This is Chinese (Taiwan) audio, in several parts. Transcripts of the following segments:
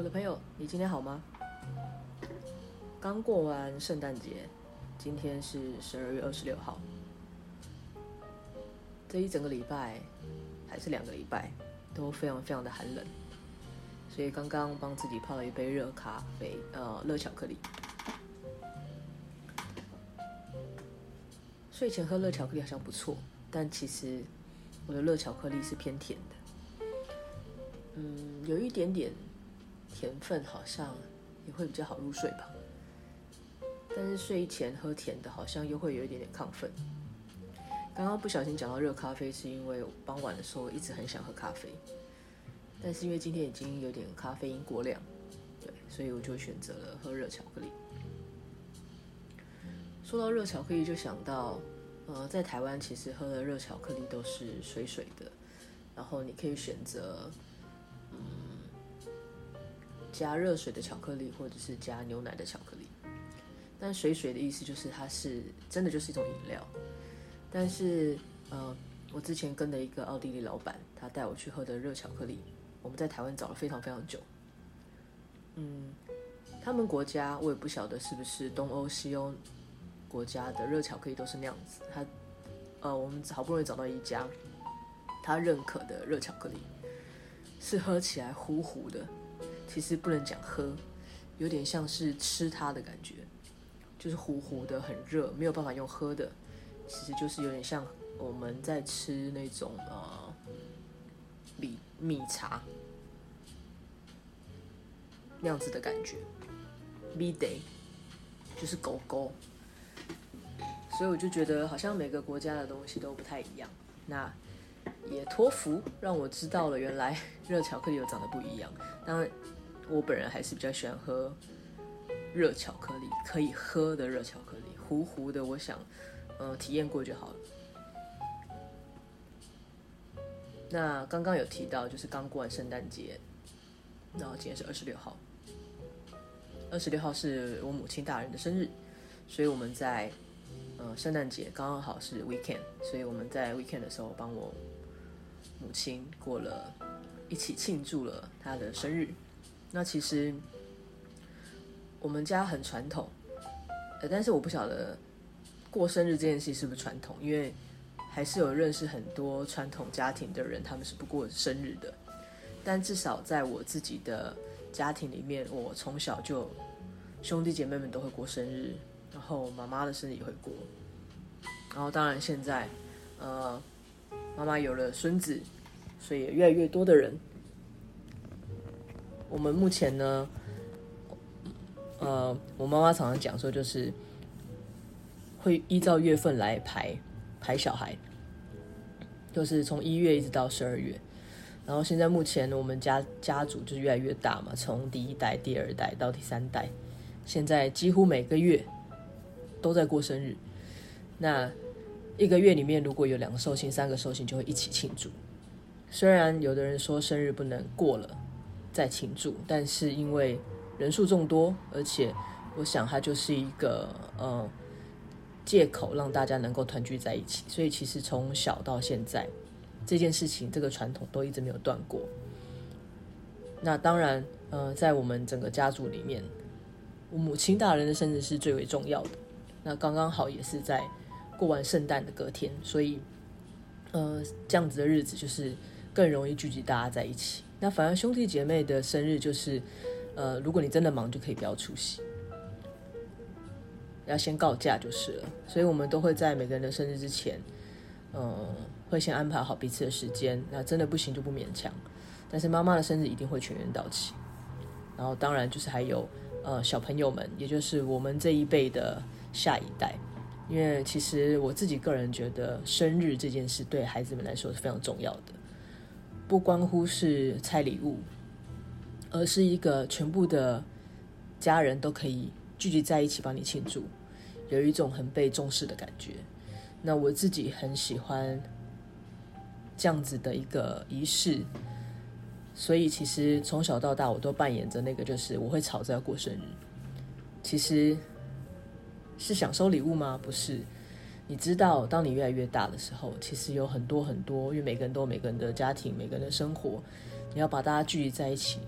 我的朋友，你今天好嗎？剛過完聖誕節，今天是十二月二十六號。這一整個禮拜，還是兩個禮拜，都非常非常的寒冷，所以剛剛幫自己泡了一杯熱咖啡，呃，熱巧克力。睡前喝熱巧克力好像不錯，但其實我的熱巧克力是偏甜的。嗯，有一點點。甜分好像也會比較好入睡吧，但是睡前喝甜的，好像又會有一點點亢奮。剛剛不小心講到熱咖啡，是因為我傍晚的時候我一直很想喝咖啡，但是因為今天已經有點咖啡因過量，對，所以我就選擇了喝熱巧克力。說到熱巧克力，就想到，呃，在台灣其實喝的熱巧克力都是水水的，然後你可以選擇。加熱水的巧克力，或者是加牛奶的巧克力，但水水的意思就是它是真的，就是一種飲料。但是呃，我之前跟的一個奧地利老闆，他帶我去喝的熱巧克力，我們在台灣找了非常非常久。嗯，他們國家我也不曉得是不是東歐、西歐國家的熱巧克力都是那樣子。他呃，我們好不容易找到一家他認可的熱巧克力，是喝起來糊糊的。其實不能講喝，有點像是吃它的感覺，就是糊糊的，很熱，沒有辦法用喝的，其實就是有點像我們在吃那種呃米米茶那樣子的感覺。Midday 就是狗狗，所以我就覺得好像每個國家的東西都不太一樣。那也托福讓我知道了，原來熱巧克力有長得不一樣。那。我本人還是比較喜歡喝熱巧克力，可以喝的熱巧克力，糊糊的。我想，呃體驗過就好了。那剛剛有提到，就是剛過完聖誕節，然後今天是二十六號，二十六號是我母親大人的生日，所以我們在呃聖誕節剛剛好是 weekend，所以我們在 weekend 的時候幫我母親過了，一起慶祝了她的生日。那其實我們家很傳統，呃，但是我不曉得過生日這件事是不是傳統，因為還是有認識很多傳統家庭的人，他們是不過生日的。但至少在我自己的家庭裡面，我從小就兄弟姐妹們都會過生日，然後我媽媽的生日也會過。然後當然現在，呃，媽媽有了孫子，所以越來越多的人。我們目前呢，呃，我媽媽常常講說，就是會依照月份來排排小孩，就是從一月一直到十二月。然後現在目前呢，我們家家族就是越來越大嘛，從第一代、第二代到第三代，現在幾乎每個月都在過生日。那一個月裡面如果有兩個壽星、三個壽星，就會一起慶祝。雖然有的人說生日不能過了。在慶祝，但是因為人數眾多，而且我想它就是一個呃借口，讓大家能夠團聚在一起。所以其實從小到現在，這件事情這個傳統都一直沒有斷過。那當然，呃，在我們整個家族裡面，我母親大人的生日是最為重要的。那剛剛好也是在過完聖誕的隔天，所以呃，這樣子的日子就是更容易聚集大家在一起。那反而兄弟姐妹的生日就是，呃，如果你真的忙，就可以不要出席，要先告假就是了。所以我們都會在每個人的生日之前，呃，會先安排好彼此的時間。那真的不行就不勉強，但是媽媽的生日一定會全員到齊。然後當然就是還有呃小朋友們，也就是我們這一輩的下一代，因為其實我自己個人覺得生日這件事對孩子們來說是非常重要的。不關乎是拆禮物，而是一個全部的家人都可以聚集在一起幫你慶祝，有一種很被重視的感覺。那我自己很喜歡這樣子的一個儀式，所以其實從小到大我都扮演着那個，就是我會吵着要過生日。其實是想收禮物嗎？不是。你知道，當你越來越大的時候，其實有很多很多，因為每個人都有每個人的家庭，每個人的生活，你要把大家聚集在一起，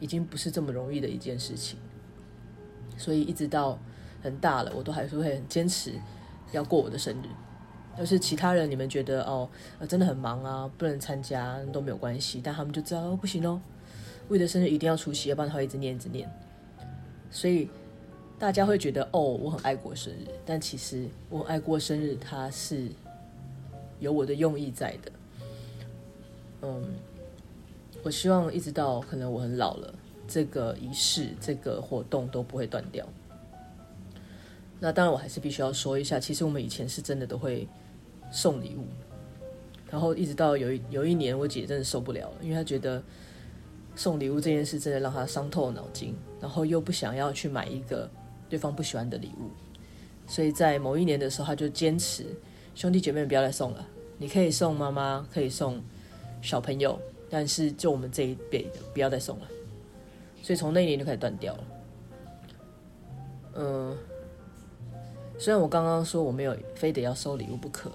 已經不是這麼容易的一件事情。所以一直到很大了，我都還是會很堅持要過我的生日。要是其他人你們覺得哦、啊，真的很忙啊，不能參加都沒有關係，但他們就知道、哦、不行哦，Wei 的生日一定要出席，要不然他會一直念一直念。所以。大家會覺得哦，我很愛過生日，但其實我很愛過生日，它是有我的用意在的。嗯，我希望一直到可能我很老了，這個儀式、這個活動都不會斷掉。那當然，我還是必須要說一下，其實我們以前是真的都會送禮物，然後一直到有一有一年，我姐真的受不了了，因為她覺得送禮物這件事真的讓她傷透了腦筋，然後又不想要去買一個。對方不喜歡的禮物，所以在某一年的時候，他就堅持兄弟姐妹不要再送了。你可以送媽媽，可以送小朋友，但是就我們這一輩的不要再送了。所以從那一年就開始斷掉了。嗯，雖然我剛剛說我沒有非得要收禮物不可，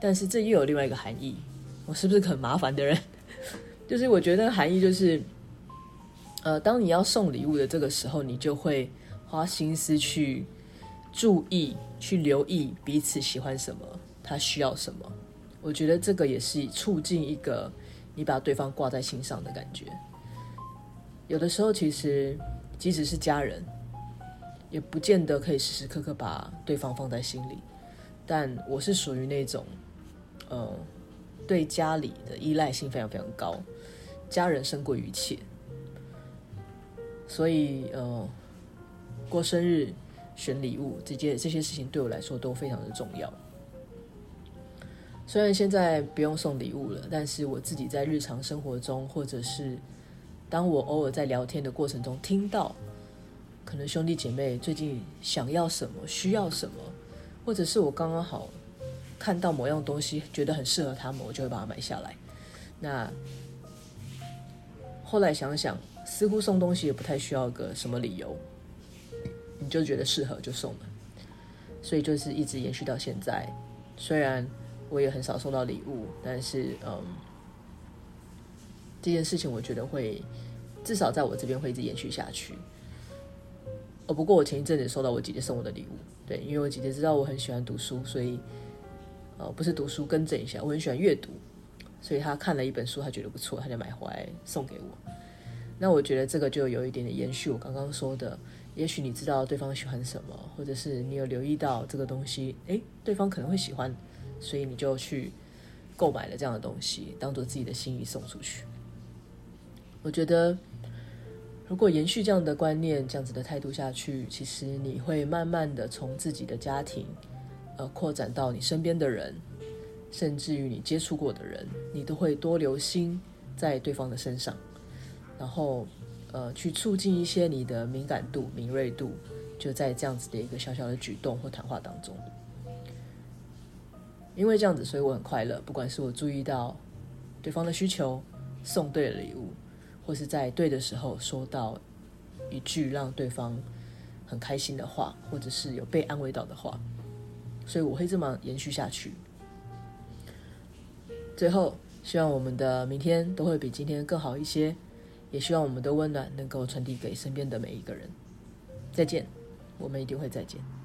但是這又有另外一個含義。我是不是很麻煩的人？就是我覺得含義就是，呃，當你要送禮物的這個時候，你就會。花心思去注意、去留意彼此喜歡什麼，他需要什麼。我覺得這個也是促進一個你把對方掛在心上的感覺。有的時候，其實即使是家人，也不見得可以時時刻刻把對方放在心裡。但我是屬於那種，呃，對家裡的依賴性非常非常高，家人勝過於一切。所以，呃。過生日、選禮物，這些這些事情對我來說都非常的重要。雖然現在不用送禮物了，但是我自己在日常生活中，或者是當我偶爾在聊天的過程中聽到，可能兄弟姐妹最近想要什麼、需要什麼，或者是我剛剛好看到某樣東西覺得很適合他們，我就會把它買下來。那後來想想，似乎送東西也不太需要個什麼理由。你就覺得適合就送了，所以就是一直延續到現在。雖然我也很少收到禮物，但是嗯，這件事情我覺得會至少在我這邊會一直延續下去。哦，不過我前一陣子收到我姐姐送我的禮物，對，因為我姐姐知道我很喜歡讀書，所以呃，不是讀書，更正一下，我很喜歡閱讀，所以她看了一本書，她覺得不錯，她就買回來送給我。那我覺得這個就有一點點延續我剛剛說的。也許你知道對方喜歡什麼，或者是你有留意到這個東西，誒，對方可能會喜歡，所以你就去購買了這樣的東西，當做自己的心意送出去。我覺得，如果延續這樣的觀念、這樣子的態度下去，其實你會慢慢的從自己的家庭，呃，擴展到你身邊的人，甚至於你接觸過的人，你都會多留心在對方的身上，然後。呃，去促進一些你的敏感度、敏銳度，就在這樣子的一個小小的舉動或談話當中。因為這樣子，所以我很快樂。不管是我注意到對方的需求，送對禮物，或是在對的時候說到一句讓對方很開心的話，或者是有被安慰到的話，所以我會這麼延續下去。最後，希望我們的明天都會比今天更好一些。也希望我們的溫暖能夠傳遞給身邊的每一個人。再見，我們一定會再見。